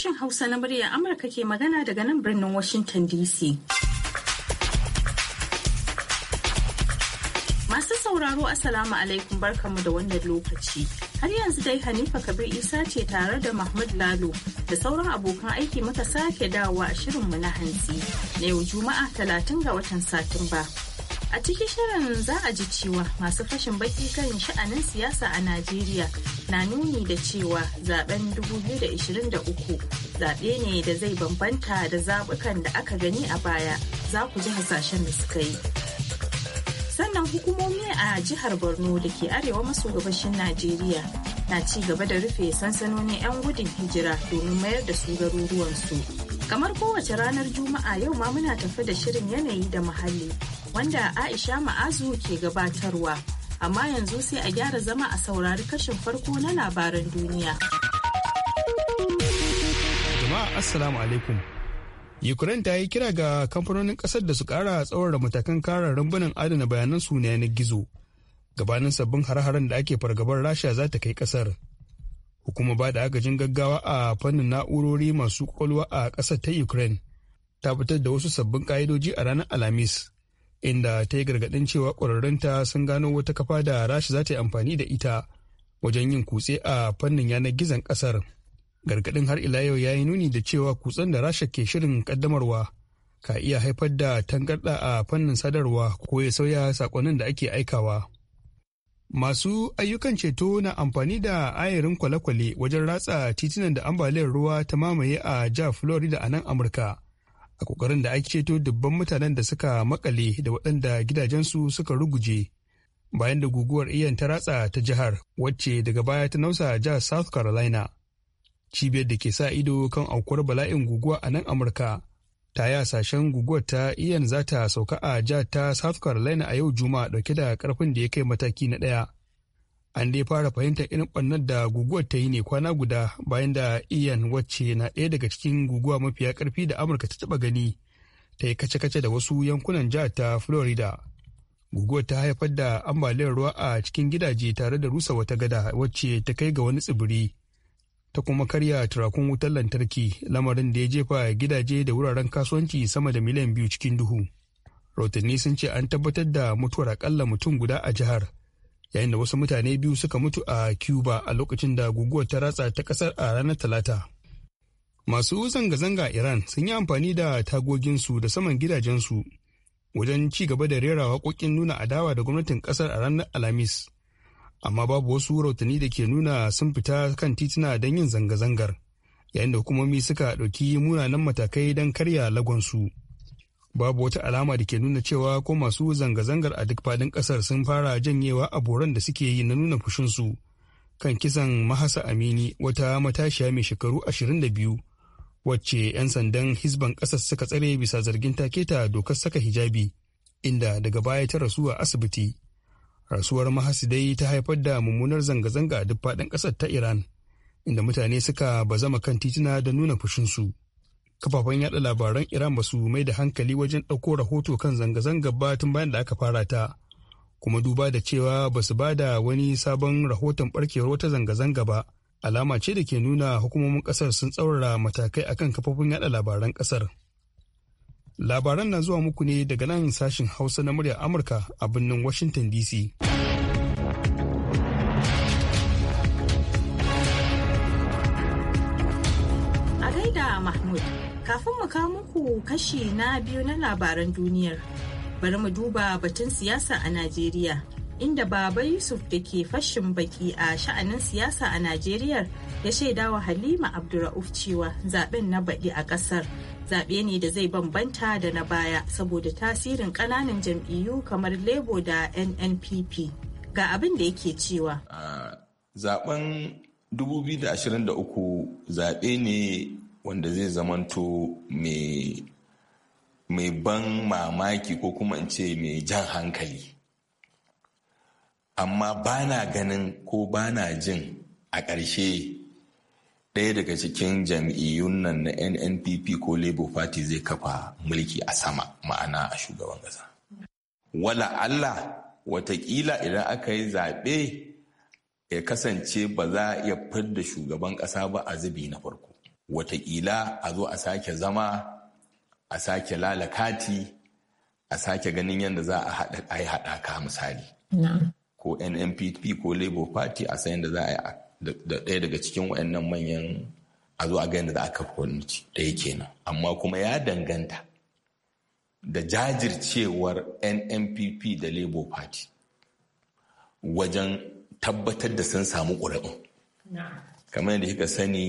Sashen Hausa na muryar Amurka ke magana daga nan birnin Washington DC. Masu sauraro Assalamu alaikum barkanmu da wannan lokaci. Har yanzu dai Hanifa Kabir Isa ce tare da Mahmud Lalo da sauran abokan aiki muka sake dawowa a shirinmu na hantsi na yau Juma'a 30 ga watan Satumba. A cikin shirin za a ji cewa masu fashin baki kan sha'anin siyasa a Najeriya na nuni da cewa zaben 2023 zaɓe ne da zai bambanta da zaɓukan da aka gani a baya za ku ji hasashen da suka yi. Sannan hukumomi a jihar Borno da ke arewa maso gabashin Najeriya na ci gaba da rufe sansanonin 'yan gudun hijira domin mayar da su garuruwansu. Kamar kowace ranar Juma'a yau ma muna tafi da shirin yanayi da muhalli. wanda Aisha Ma'azu ke gabatarwa. Amma yanzu sai a gyara zama a saurari kashin farko na labaran duniya. Jama'a Assalamu alaikum. Ukraine ta yi kira ga kamfanonin kasar da su kara tsawar matakan kara rumbunan adana bayanan su na yanar gizo. Gabanin sabbin har-haren da ake fargabar Rasha za ta kai kasar. Hukumar ba da agajin gaggawa a fannin na'urori masu kwakwalwa a ƙasar ta Ukraine ta fitar da wasu sabbin ƙa'idoji a ranar Alhamis inda ta yi gargaɗin cewa ƙwararrunta sun gano wata kafa da rasha za ta yi amfani da ita wajen yin kutse a fannin yanar gizon ƙasar gargaɗin har ila yau ya yi nuni da cewa kutsen da rasha ke shirin ƙaddamarwa ka iya haifar da tangarɗa a fannin sadarwa ko ya sauya saƙonnin da ake aikawa masu ayyukan ceto na amfani da ayarin kwale-kwale wajen ratsa titunan da ambaliyar ruwa ta mamaye a jihar florida a nan amurka a kokarin da ake ceto dubban mutanen da suka makale da waɗanda gidajensu suka ruguje bayan da guguwar iyan ta ratsa ta jihar wacce daga baya ta nausa jihar south carolina cibiyar da ke sa ido kan aukuwar bala'in guguwa a nan amurka ta yi hasashen guguwar ta iyan za ta sauka a jihar ta south carolina a yau juma'a dauke da karfin da ya kai mataki na ɗaya an dai fara fahimtar irin ɓannar da guguwar ta yi ne kwana guda bayan da iyan wacce na ɗaya daga cikin guguwa mafiya ƙarfi da amurka ta taɓa gani ta yi kace-kace da wasu yankunan jihar ta florida guguwar ta haifar da ambaliyar ruwa a cikin gidaje tare da rusa wata gada wacce ta kai ga wani tsibiri ta kuma karya turakun wutar lantarki lamarin da ya jefa gidaje da wuraren kasuwanci sama da miliyan biyu cikin duhu rahotanni sun ce an tabbatar da mutuwar akalla mutum guda a jihar yayin da wasu mutane biyu suka mutu a cuba a lokacin da guguwar ta ratsa ta kasar a ranar talata masu zanga-zanga iran sun yi amfani da tagoginsu da saman gidajensu wajen ci gaba da rera waƙoƙin nuna adawa da gwamnatin kasar a ranar alhamis amma babu wasu rautani da ke nuna sun fita kan tituna don yin zanga-zangar yayin da hukumomi suka ɗauki munanan matakai don karya lagonsu. babu wata alama da ke nuna cewa ko masu zanga-zangar a duk fadin kasar sun fara janyewa a boran da suke yi na nuna fushinsu kan kisan mahasa amini wata matashiya mai shekaru 22 wacce 'yan sandan hisban kasar suka tsare bisa zargin take ta dokar saka hijabi inda daga baya ta rasu a asibiti rasuwar mahasidai ta haifar da mummunar zanga-zanga a duk faɗin ƙasar ta iran inda mutane suka bazama kan tituna da nuna fushinsu. su kafafen yada labaran iran ba su mai da hankali wajen ɗauko rahoto kan zanga zanga ba tun bayan da aka fara ta kuma duba da cewa ba su ba wani sabon rahoton barkewar wata zanga-zanga ba alama ce da ke nuna hukumomin kasar sun tsaurara matakai akan kafofin yada labaran kasar labaran na zuwa muku ne daga nan sashin hausa na muryar amurka a birnin washington dc kafin mu kawo muku kashi na biyu na labaran duniyar bari mu duba batun siyasa a najeriya inda baba yusuf da ke fashin baki a sha'anin siyasa a najeriya ya shaidawa halima Abdulrauf cewa zaɓen na baɗi a ƙasar zaɓe ne da zai bambanta da na baya saboda tasirin ƙananan jam'iyyu kamar lebo da nnpp ga abin da yake cewa zaben 2023 zaɓe ne wanda zai zamanto mai ban mamaki ko kuma in ce mai jan hankali amma ba na ganin ko ba na jin a ƙarshe ɗaya daga cikin jam'iyyun nan na nnpp ko labour party zai kafa mulki a sama ma'ana a shugaban ƙasa wala allah watakila idan aka yi zaɓe ya kasance ba za a iya fidda shugaban ƙasa ba a zubi na farko watakila a zo a sake zama a sake lalakati a sake ganin yadda za a haɗa haɗaka misali ko nnpp ko labour party a sayan da za a yi da ɗaya daga cikin wayannan manyan a zo a ga yadda za a kafa wani ɗaya kenan amma kuma ya danganta da jajircewar nnpp da labour party wajen tabbatar da sun samu ƙuri'un kamar yadda kika sani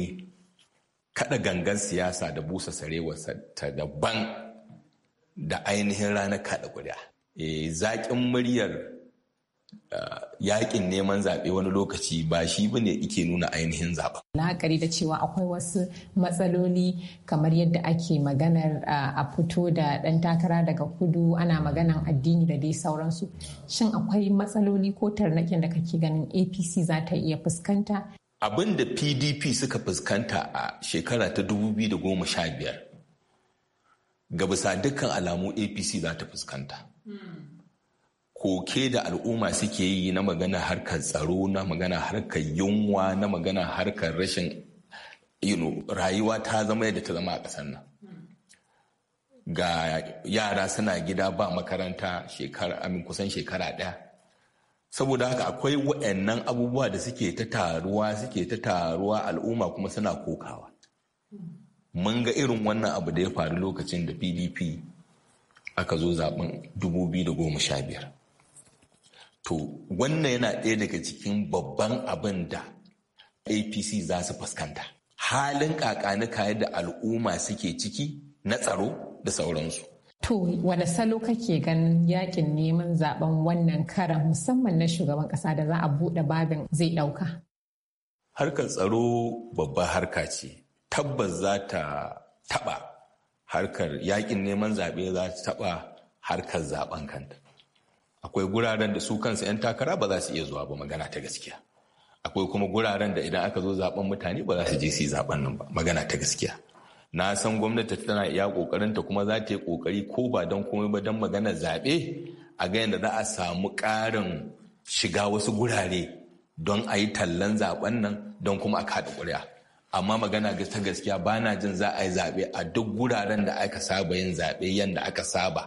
kada gangan siyasa da busa sarewarsa ta daban da ainihin ranar kada kuri'a e, eh, zaƙin muryar eh, yaƙin neman zaɓe wani lokaci ba shi ba ne ike nuna ainihin Na lahakari da cewa akwai wasu matsaloli kamar yadda ake maganar eh, a fito da ɗan takara daga kudu ana maganan addini da dai sauransu. Shin akwai matsaloli ko tarnakin da kake ganin APC za ta iya fuskanta abin da pdp suka fuskanta a shekara ta 2015 ga bisa dukkan alamu apc za ta fuskanta koke da al'umma suke yi na magana harkar tsaro na magana harkar yunwa na magana harkar rashin rayuwa ta zama yadda ta zama a ƙasar nan ga yara suna gida ba makaranta kusan shekara ɗaya saboda haka akwai wa'annan abubuwa da suke ta taruwa suke ta taruwa al'umma kuma suna kokawa mun ga irin wannan abu da ya faru lokacin da pdp aka zo zaben 2015 to wannan yana ɗaya daga cikin babban abin da apc za su fuskanta halin kakanuka da al'umma suke ciki na tsaro da sauransu To, wane salo kake ganin yakin neman zaben wannan karan musamman na shugaban kasa da za a buɗe babin zai ɗauka? Harkar tsaro babbar harka ce, tabbas za ta taɓa harkar yakin neman zaɓe za ta taɓa harkar zaben kanta. Akwai guraren da su kansu 'yan takara ba za su iya zuwa ba magana ta gaskiya. Akwai kuma guraren da idan aka zo zaben mutane ba za su je su yi zaben nan ba magana ta gaskiya. na san gwamnati tana iya kokarin ta kuma za ta yi kokari ko ba don komai ba don magana zaɓe a ga yadda za a samu ƙarin shiga wasu gurare don a yi tallan zaɓen nan don kuma a kaɗa ƙuri'a amma magana ta gaskiya ba na jin za a yi zaɓe a duk guraren da aka saba yin zaɓe yadda aka saba.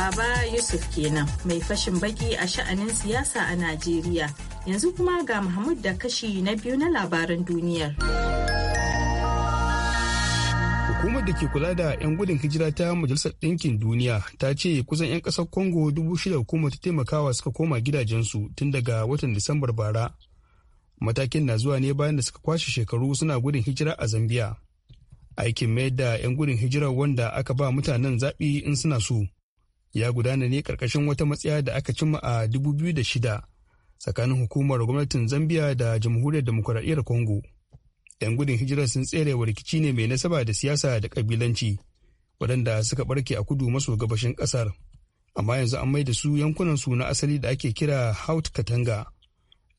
Baba Yusuf kenan mai fashin baki a sha'anin siyasa a Najeriya. Yanzu kuma ga Muhammad da kashi na biyu na labaran duniyar. Hukumar da ke kula da 'yan gudun hijira ta Majalisar Ɗinkin Duniya ta ce kusan 'yan ƙasar Congo dubu shida hukumar ta taimakawa suka koma gidajensu tun daga watan Disambar bara. Matakin na zuwa ne bayan da suka kwashe shekaru suna gudun hijira a Zambia. Aikin mayar da 'yan gudun hijira wanda aka ba mutanen zaɓi in suna so. ya gudana ne karkashin wata matsaya da aka cimma a 2006 tsakanin hukumar gwamnatin zambia da jamhuriyar demokuraɗiyyar congo 'yan gudun hijirar sun tserewa rikici ne mai nasaba da siyasa da kabilanci waɗanda suka barke a kudu maso gabashin ƙasar amma yanzu an mai da su yankunan su na asali da ake kira haut katanga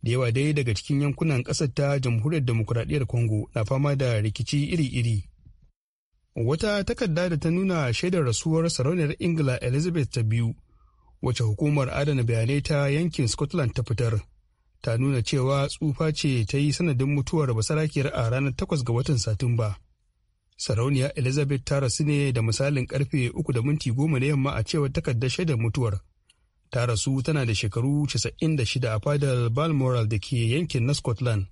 da yawa dai daga cikin yankunan ƙasar ta jamhuriyar demokuraɗiyyar congo na fama da rikici iri-iri wata takarda da ta nuna shaidar rasuwar sarauniyar ingila elizabeth ta biyu wacce hukumar adana bayanai ta yankin scotland ta fitar ta nuna cewa tsufa ce ta yi sanadin mutuwar basarakiyar a ranar 8 ga watan satumba sarauniya elizabeth ta rasu ne da misalin karfe 3 da minti goma na yamma a cewar takardar shaidar mutuwar ta rasu tana da shekaru 96 a fadar balmoral da ke yankin na scotland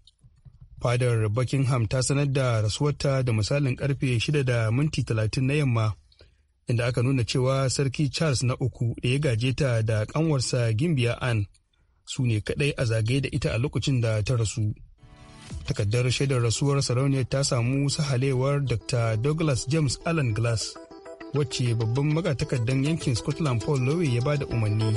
fadar buckingham ta sanar da rasuwarta da misalin karfe 6 da minti 30 na yamma inda aka nuna cewa sarki charles na uku da ya gaje ta da kanwarsa gimbiya an su ne kadai a zagaye da ita a lokacin da ta rasu takaddar shaidar rasuwar sarauniyar ta samu sahalewar dr douglas james allen glass wacce babban magatakardar yankin scotland paul lowe ya ba da umarni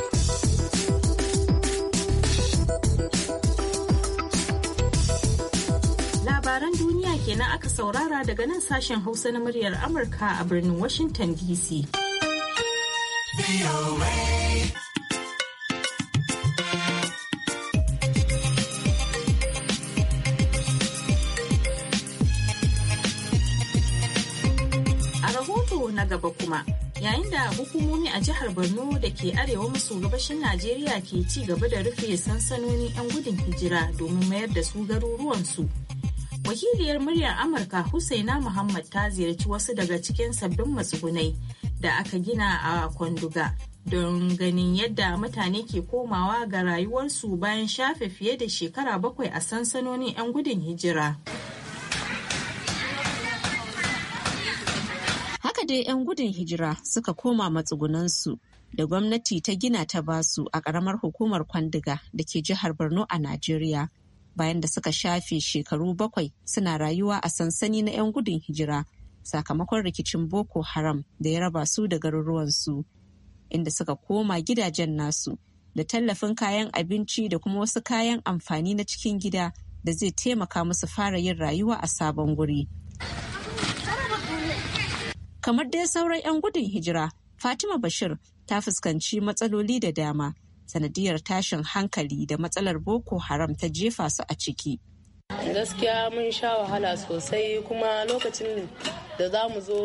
kenan aka saurara daga nan sashen Hausa na muryar Amurka a birnin Washington DC. A rahoto na gaba kuma yayin da hukumomi a jihar borno da ke arewa maso gabashin najeriya ke ci gaba da rufe sansanoni 'yan gudun hijira domin mayar da su garuruwansu wakiliyar muryar amurka husaina muhammad ta ziyarci wasu daga cikin sabbin matsugunai da aka gina a kwanduga don ganin yadda mutane ke komawa ga rayuwarsu bayan shafe fiye da shekara bakwai a sansanonin 'yan gudun hijira haka dai 'yan gudun hijira suka koma matsugunansu da gwamnati ta gina ta basu a ƙaramar hukumar kwandiga da ke jihar borno a najeriya bayan da suka shafe shekaru bakwai suna rayuwa a sansani na 'yan gudun hijira sakamakon rikicin boko haram da ya raba su da garuruwansu inda suka koma gidajen nasu da tallafin kayan abinci da kuma wasu kayan amfani na cikin gida da zai taimaka musu fara yin rayuwa a sabon guri kamar dai sauran 'yan gudun hijira fatima bashir ta fuskanci matsaloli da dama sanadiyar tashin hankali da matsalar boko haram ta jefa su a ciki gaskiya mun sha wahala sosai kuma lokacin da za mu zo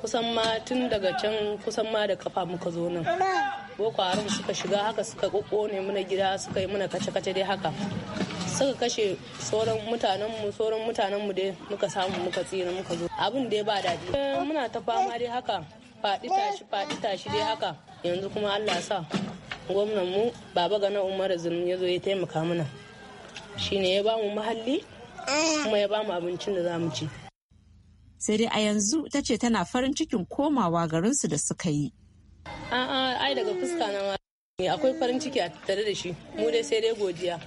kusan ma tun daga can kusan ma da kafa muka zo nan boko haram suka shiga haka suka ne mana gida suka yi mana kace-kace dai haka suka kashe sauran mutanenmu sauran mu dai muka samu muka tsira muka zo abin dai ba daɗi muna ta fama dai haka faɗi tashi faɗi tashi dai haka yanzu kuma allah sa gwamnan mu baba gana umar zulum ya zo ya taimaka mana Shi ne ya ba mu mahalli kuma ya ba mu abincin da za mu ci sai dai a yanzu ta ce tana farin cikin komawa garinsu da suka yi a'a ai daga fuska na ma akwai farin ciki a tattare da shi mu dai sai dai godiya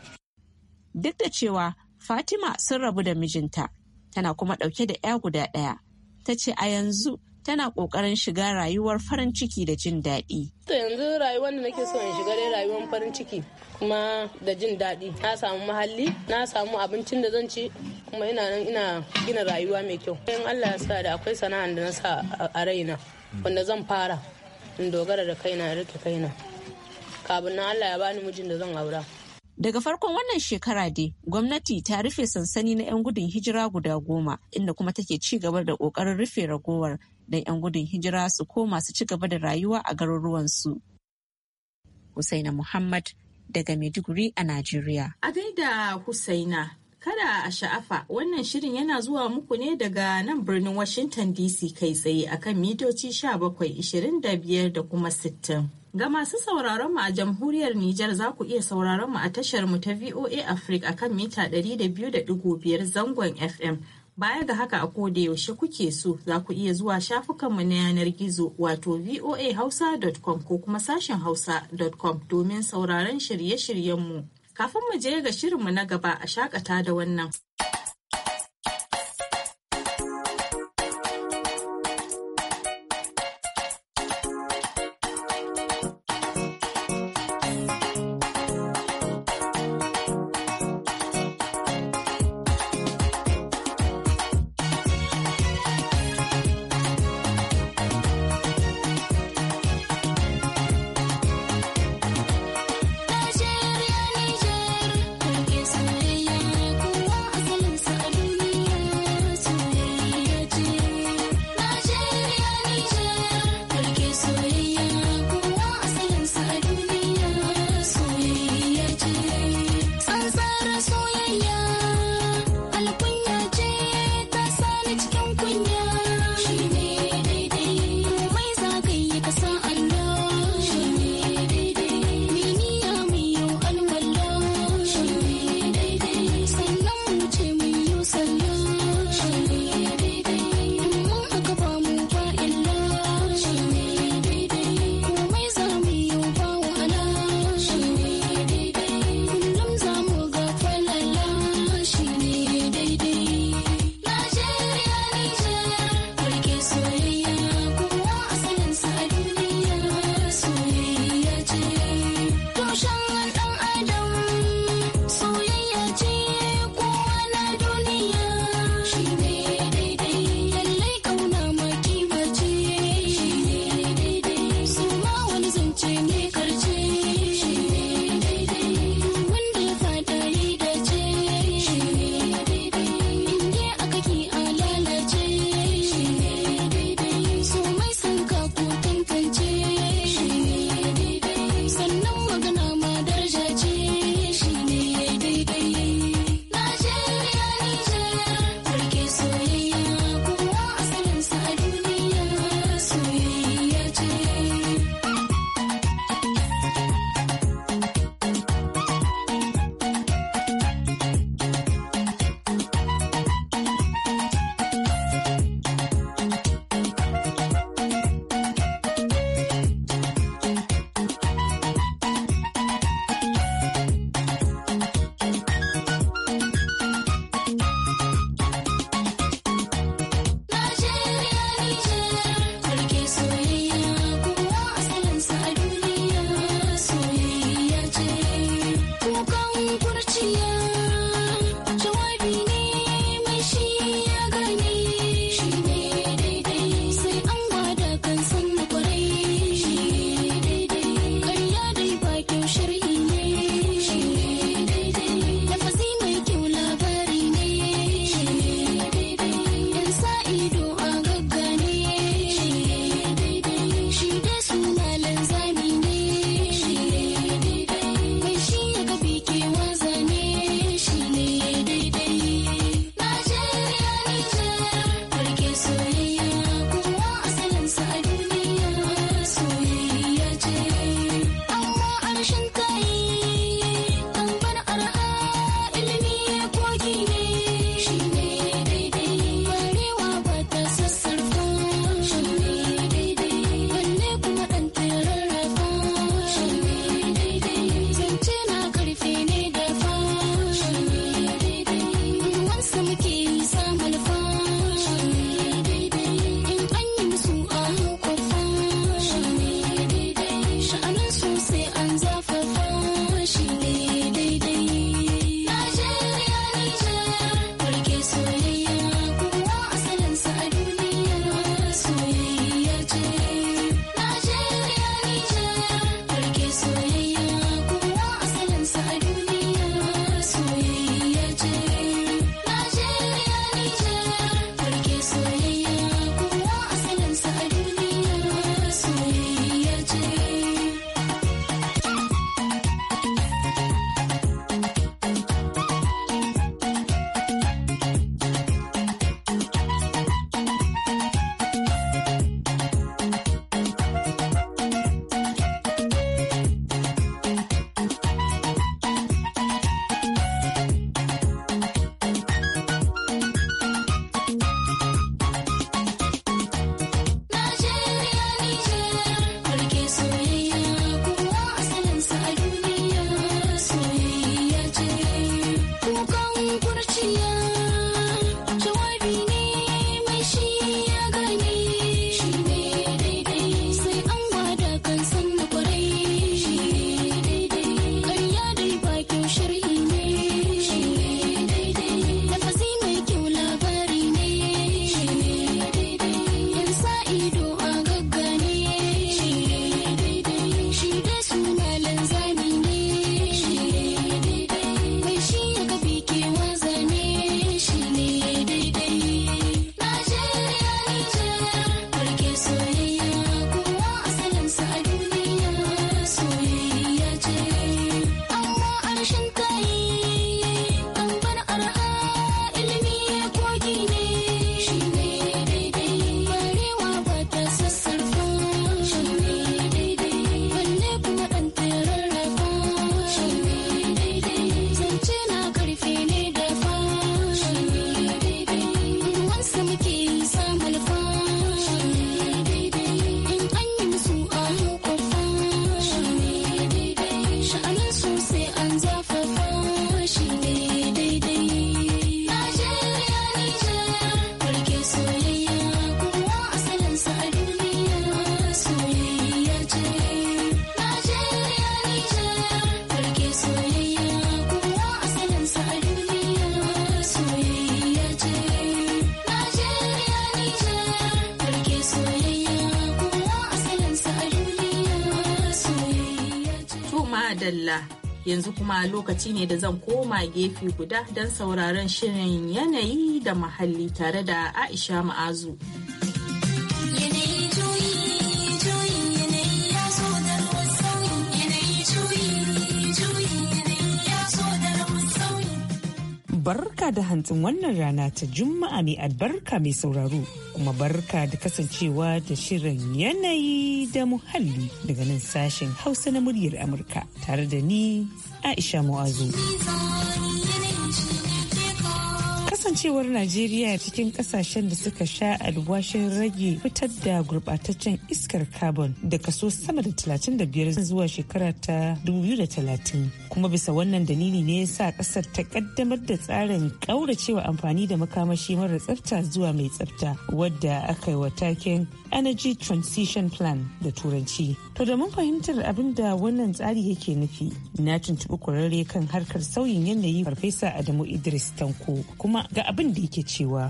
duk da cewa fatima sun rabu da mijinta tana kuma dauke da 'ya guda ɗaya ta ce a yanzu tana kokarin shiga rayuwar farin ciki da jin daɗi. To yanzu rayuwar da nake so in shiga dai rayuwar farin ciki kuma da jin daɗi. Na samu mahalli, na samu abincin da zan ci, kuma ina nan ina gina rayuwa mai kyau. In Allah ya sa da akwai sana'ar da na sa a raina wanda zan fara in dogara da kaina in rike kaina. Kafin nan Allah ya bani mijin da zan aura. Daga farkon wannan shekara dai, gwamnati ta rufe sansani na 'yan gudun hijira guda goma, inda kuma take ci gaba da ƙoƙarin rufe ragowar don 'yan gudun hijira su koma su ci gaba da rayuwa a garuruwansu. Husaina Muhammad daga Maiduguri a Najeriya. A gaida Husaina, kada a sha'afa wannan shirin yana zuwa muku ne daga nan birnin Washington DC kai tsaye akan mitoci 1725 da kuma 60. Ga masu sauraron mu a jamhuriyar Nijar za ku iya sauraron mu a tashar mu ta VOA Africa akan mita 200.5 zangon FM. Baya ga haka a koda yaushe kuke so za ku iya zuwa shafukanmu na yanar gizo wato voahausa.com ko kuma sashen hausa.com domin sauraron shirye-shiryenmu. Kafin mu je ga shirinmu na gaba a shakata da wannan. dalla yanzu kuma lokaci ne da zan koma gefe guda don sauraron shirin yanayi da muhalli tare da aisha ma'azu barka da hantsin wannan rana ta Juma'a mai albarka mai sauraro kuma barka da kasancewa da shirin yanayi da muhalli daga nan sashen Hausa na muryar Amurka tare da ni Aisha Mu'azu. kasancewar najeriya cikin kasashen da suka sha alwashin rage fitar da gurbataccen iskar carbon da kaso sama da 35 zuwa shekara ta 2030 kuma bisa wannan dalili ne sa kasar ta kaddamar da tsarin kauracewa amfani da makamashi mara tsafta zuwa mai tsafta wadda aka yi wa taken energy transition plan da turanci to da mun fahimtar abin da wannan tsari yake nufi na tuntuɓi kwararre kan harkar sauyin yanayi farfesa adamu idris tanko kuma ga abin da yake cewa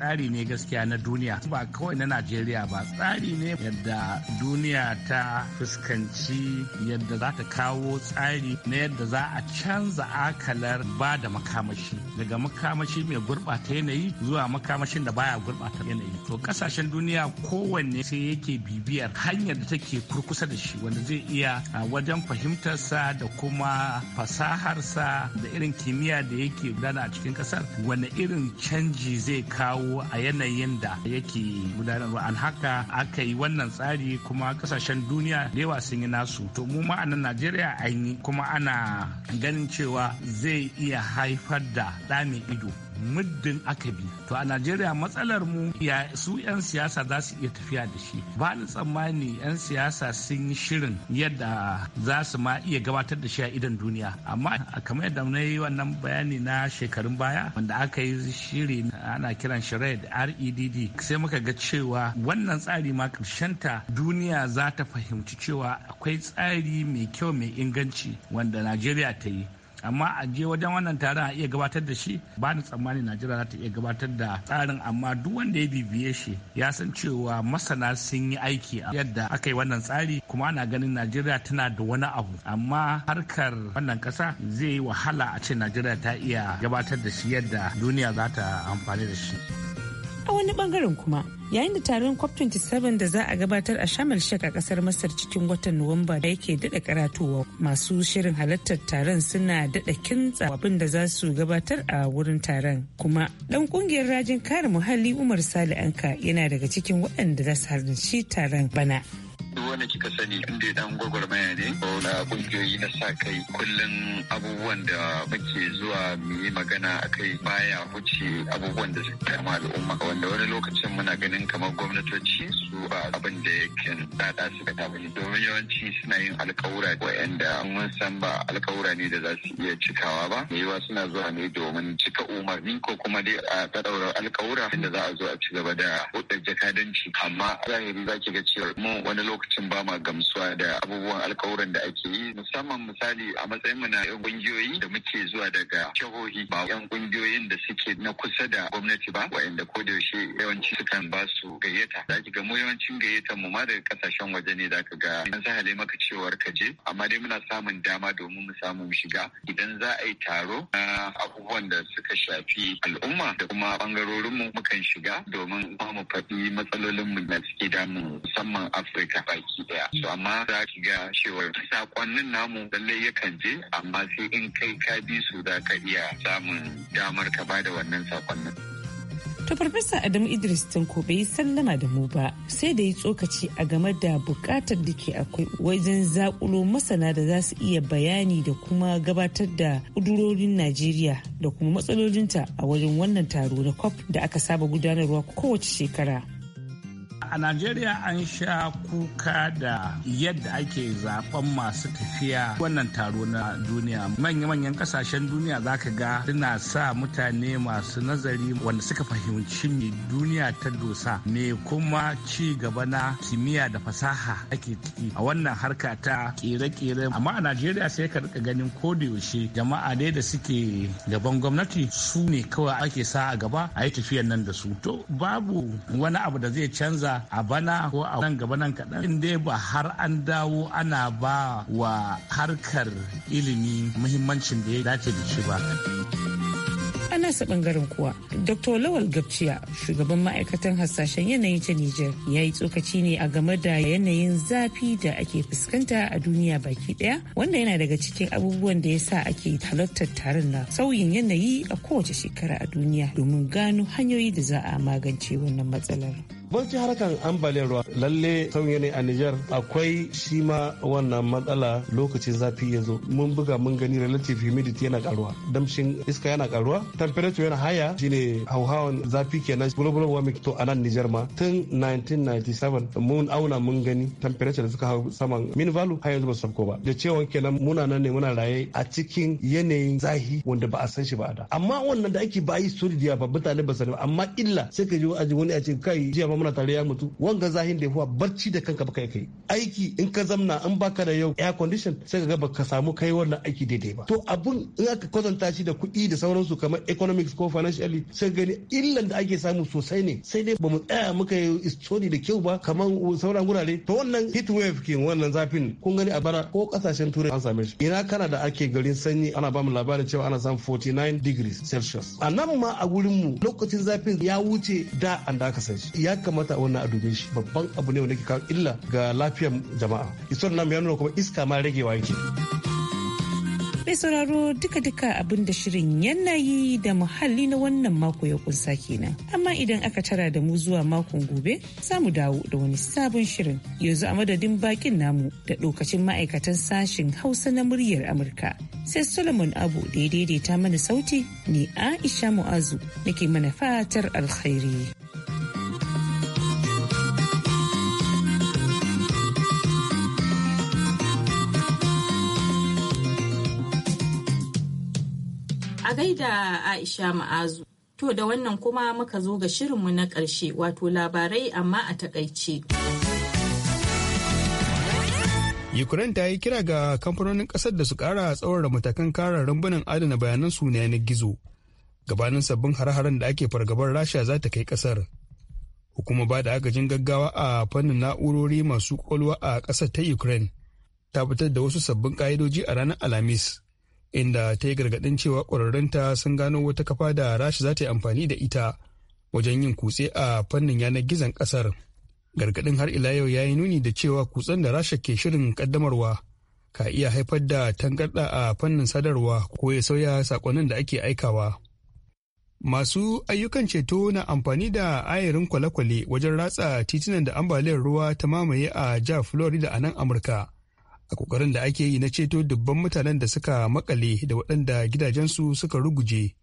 tsari ne gaskiya na duniya ba kawai na najeriya ba tsari ne yadda duniya ta fuskanci yadda za ta kawo tsari na yadda za a canza akalar ba da makamashi daga makamashi mai gurɓata yanayi zuwa makamashin da baya gurɓata yanayi to kasashen duniya kowanne sai yake bibiyar hanyar da take kurkusa da shi wanda zai iya a wajen fahimtarsa da kuma fasaharsa da irin kimiyya da yake gudana a cikin kasar wani irin canji zai kawo ko a yanayin da yake gudanarwa an haka aka yi wannan tsari kuma kasashen duniya da yawa sun yi nasu to mu ma a nan najeriya an yi kuma ana ganin cewa zai iya haifar da ɗa ido muddin aka bi to a najeriya matsalar mu ya su 'yan siyasa za su iya tafiya da shi ba ni tsammani 'yan siyasa sun yi shirin yadda za su ma iya gabatar da shi a idan duniya amma kamar yadda na yi wannan bayani na shekarun baya wanda aka yi shiri ana kiran shi red redd sai muka ga cewa wannan tsari ma ta duniya za ta fahimci cewa akwai tsari mai kyau mai inganci wanda najeriya ta yi amma a je wajen wannan taron a iya gabatar da shi ba ni tsammani najeriya za ta iya gabatar da tsarin amma duk wanda ya bibiye shi ya san cewa masana sun yi aiki a yadda aka yi wannan tsari kuma ana ganin najeriya tana da wani abu amma harkar wannan kasa zai yi wahala a ce najeriya ta iya gabatar da shi yadda duniya za ta amfani da shi. a wani bangaren kuma yayin da taron cop 27 da za a gabatar a shamal shek a kasar masar cikin watan nuwamba da yake dada karatowa masu shirin halartar taron suna dada kintsa abin da za su gabatar a wurin taron kuma dan ƙungiyar rajin kare muhalli umar sali anka yana daga cikin waɗanda za su halarci taron bana wanda kika sani inda dan gwagwarmaya ne ko na kungiyoyi na sa kai kullum abubuwan da muke zuwa mu yi magana a akai baya wuce abubuwan da suka kama al'umma wanda wani lokacin muna ganin kamar gwamnatoci su ba abin da yake dada suka ta bani. domin yawanci suna yin alkawura wa'anda mun san ba alkawura ne da za su iya cikawa ba yawa suna zuwa ne domin cika umarni ko kuma dai a tsadaura alkawura inda za a zo a ci gaba da hudda jakadanci amma zahiri za ki ga cewa mu wani lokacin ba ma gamsuwa da abubuwan alkawuran da ake yi musamman misali a matsayin mu na yan kungiyoyi da muke zuwa daga jihohi ba yan kungiyoyin da suke na kusa da gwamnati ba wa'anda ko da yaushe yawanci sukan ba su gayyata za ki ga mu yawancin gayyatar mu ma daga kasashen waje ne zaka ga an sahale maka cewar ka je amma dai muna samun dama domin mu samu shiga idan za a yi taro na abubuwan da suka shafi al'umma da kuma bangarorin mu mukan shiga domin mu faɗi matsalolin mu da suke damu musamman Afirka baki ɗaya so amma za ki ga cewar sakonnin namu lallai yakan je amma sai in kai ka bi su za ka iya samun damar ka bada wannan sakonnin. To Farfesa Adamu Idris Tinko bai sallama da mu ba sai da yi tsokaci a game da bukatar da ke akwai wajen zaƙulo masana da za su iya bayani da kuma gabatar da kudurorin Najeriya da kuma matsalolinta a wajen wannan taro na COP da aka saba gudanarwa kowace shekara. a najeriya an sha kuka da yadda ake zaben masu tafiya wannan taro na duniya manya-manyan kasashen duniya za ka ga suna sa mutane masu nazari wanda suka fahimci mai duniya ta dosa me kuma ci gaba na kimiyya da fasaha ake ciki a wannan harka ta kere-kere amma a najeriya sai ka rika ganin ko da yaushe jama'a dai da suke gaban gwamnati su ne kawai ake sa a gaba a yi tafiyar nan da su to babu wani abu da zai canza a bana ko a nan gaba nan kaɗan in dai ba har an dawo ana ba wa harkar ilimi muhimmancin da ya dace da shi ba. a nasa bangaren kuwa dr lawal gabciya shugaban ma'aikatan hasashen yanayin ta nijar ya yi tsokaci ne a game da yanayin zafi da ake fuskanta a duniya baki daya wanda yana daga cikin abubuwan da ya sa ake halartar taron na sauyin yanayi a kowace shekara a duniya domin gano hanyoyi da za a magance wannan matsalar banci harkan ambaliyar ruwa lalle sauye ne a Nijar akwai shi ma wannan matsala lokacin zafi ya zo mun buga mun gani relative humidity yana karuwa damshin iska yana karuwa temperature yana haya shine hauhawan zafi kenan global warming to a nan Nijar ma tun 1997 mun auna mun gani temperature da suka hau saman min value har yanzu ba su ba da cewa kenan muna nan ne muna raye a cikin yanayin zahi wanda ba a san shi ba da amma wannan da ake bayi solidiya ba mutane ba sani amma illa sai ka ji wani a ce kai jiya muna tare ya mutu wanga zahin da yawa barci da kanka baka kai aiki in ka zamna in baka da yau air condition sai ka ga baka samu kai wannan aiki daidai ba to abun in aka kwatanta shi da kuɗi da sauransu kamar economics ko financially sai gani illan da ake samu sosai ne sai dai bamu tsaya muka yi story da kyau ba kamar sauran gurare to wannan heat wave ke wannan zafin kun gani a bara ko kasashen turai an same shi ina kana da ake garin sanyi ana ba mu labarin cewa ana san 49 degrees celsius a nan ma a gurin mu lokacin zafin ya wuce da an da aka san shi ya kamata wannan a dube shi babban abu ne wanda ke kawo illa ga lafiyar jama'a isar namu ya nuna kuma iska ma ragewa yake mai sauraro duka-duka abin da shirin yanayi da muhalli na wannan mako ya kunsa kenan amma idan aka tara da mu zuwa makon gobe za mu dawo da wani sabon shirin yanzu a madadin bakin namu da lokacin ma'aikatan sashen hausa na muryar amurka sai solomon abu da ya daidaita mana sauti ne aisha mu'azu nake mana fatar alkhairi A gaida Aisha Ma'azu. To da wannan kuma muka zo ga shirinmu na ƙarshe wato labarai amma a takaice. Ukraine ta yi kira ga kamfanonin ƙasar da su ƙara tsawon matakan kara rumbunan adana bayanan su na yanar gizo. Gabanin sabbin har-haren da ake fargabar Rasha za ta kai ƙasar. Hukumar ba da agajin gaggawa a fannin na'urori masu ƙwaƙwalwa a ƙasar ta Ukraine ta fitar da wasu sabbin ƙa'idoji a ranar Alhamis. inda ta yi gargaɗin cewa ƙwararrunta sun gano wata kafa da rasha za ta yi amfani da ita wajen yin kutse a fannin yanar gizon ƙasar gargaɗin har ila yau ya yi nuni da cewa kutsen da rasha ke shirin ƙaddamarwa ka iya haifar da tangarɗa a fannin sadarwa ko ya sauya saƙonnin da ake aikawa masu ayyukan ceto na amfani da ayarin kwale-kwale wajen ratsa titunan da ambaliyar ruwa ta mamaye a jihar florida a nan amurka a kokarin da ake yi na ceto dubban mutanen da suka makale da waɗanda gidajensu suka ruguje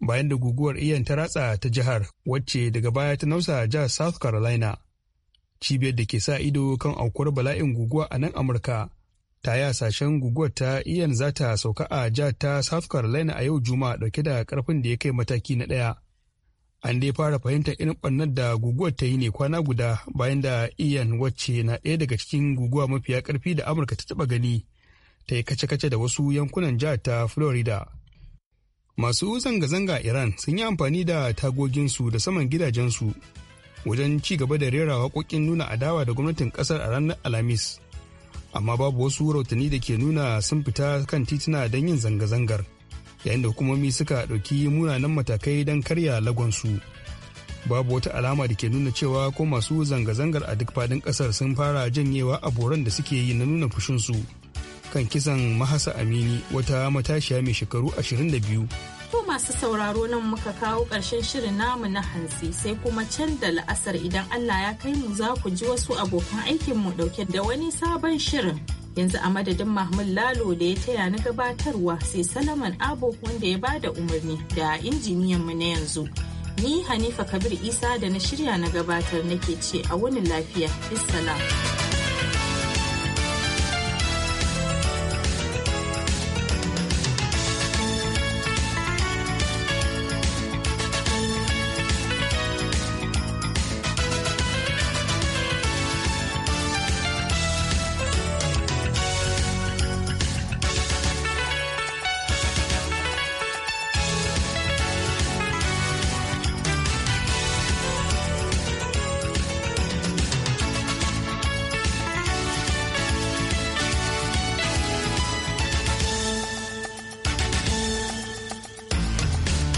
bayan da guguwar iyan ta ratsa ta jihar wacce daga baya ta nausa jihar south carolina cibiyar da ke sa ido kan aukuwar bala'in guguwa a nan amurka ta yi hasashen guguwar ta iyan za ta sauka a jihar ta south carolina a yau juma'a dauke da karfin da ya kai mataki na ɗaya an dai fara fahimtar irin ɓannar da guguwar ta yi ne kwana guda bayan da iyan wacce na ɗaya daga cikin guguwa mafiya karfi da amurka ta taɓa gani ta yi kace-kace da wasu yankunan jihar ta florida masu zanga-zanga iran sun yi amfani da tagoginsu da saman gidajensu wajen ci gaba da rera waƙoƙin nuna adawa da gwamnatin ƙasar a ranar alhamis amma babu wasu rautani da ke nuna sun fita kan tituna don yin zanga-zangar yayin da hukumomi suka ɗauki munanan matakai don karya lagonsu babu wata alama da ke nuna cewa ko masu zanga-zangar a duk fadin kasar sun fara janyewa a boran da suke yi na nuna fushinsu kan kisan mahasa amini wata matashiya mai shekaru 22 ko masu sauraro nan muka kawo ƙarshen shirin namu na hantsi sai kuma can da la'asar idan allah ya kai mu za ku ji wasu abokan aikinmu ɗauke da wani sabon shirin yanzu a madadin mahmud lalo da ya taya na gabatarwa sai salaman abu wanda ya bada umarni da injiniyan mu na yanzu ni hanifa kabir isa da na shirya na gabatar nake ce a wani lafiya bisalam.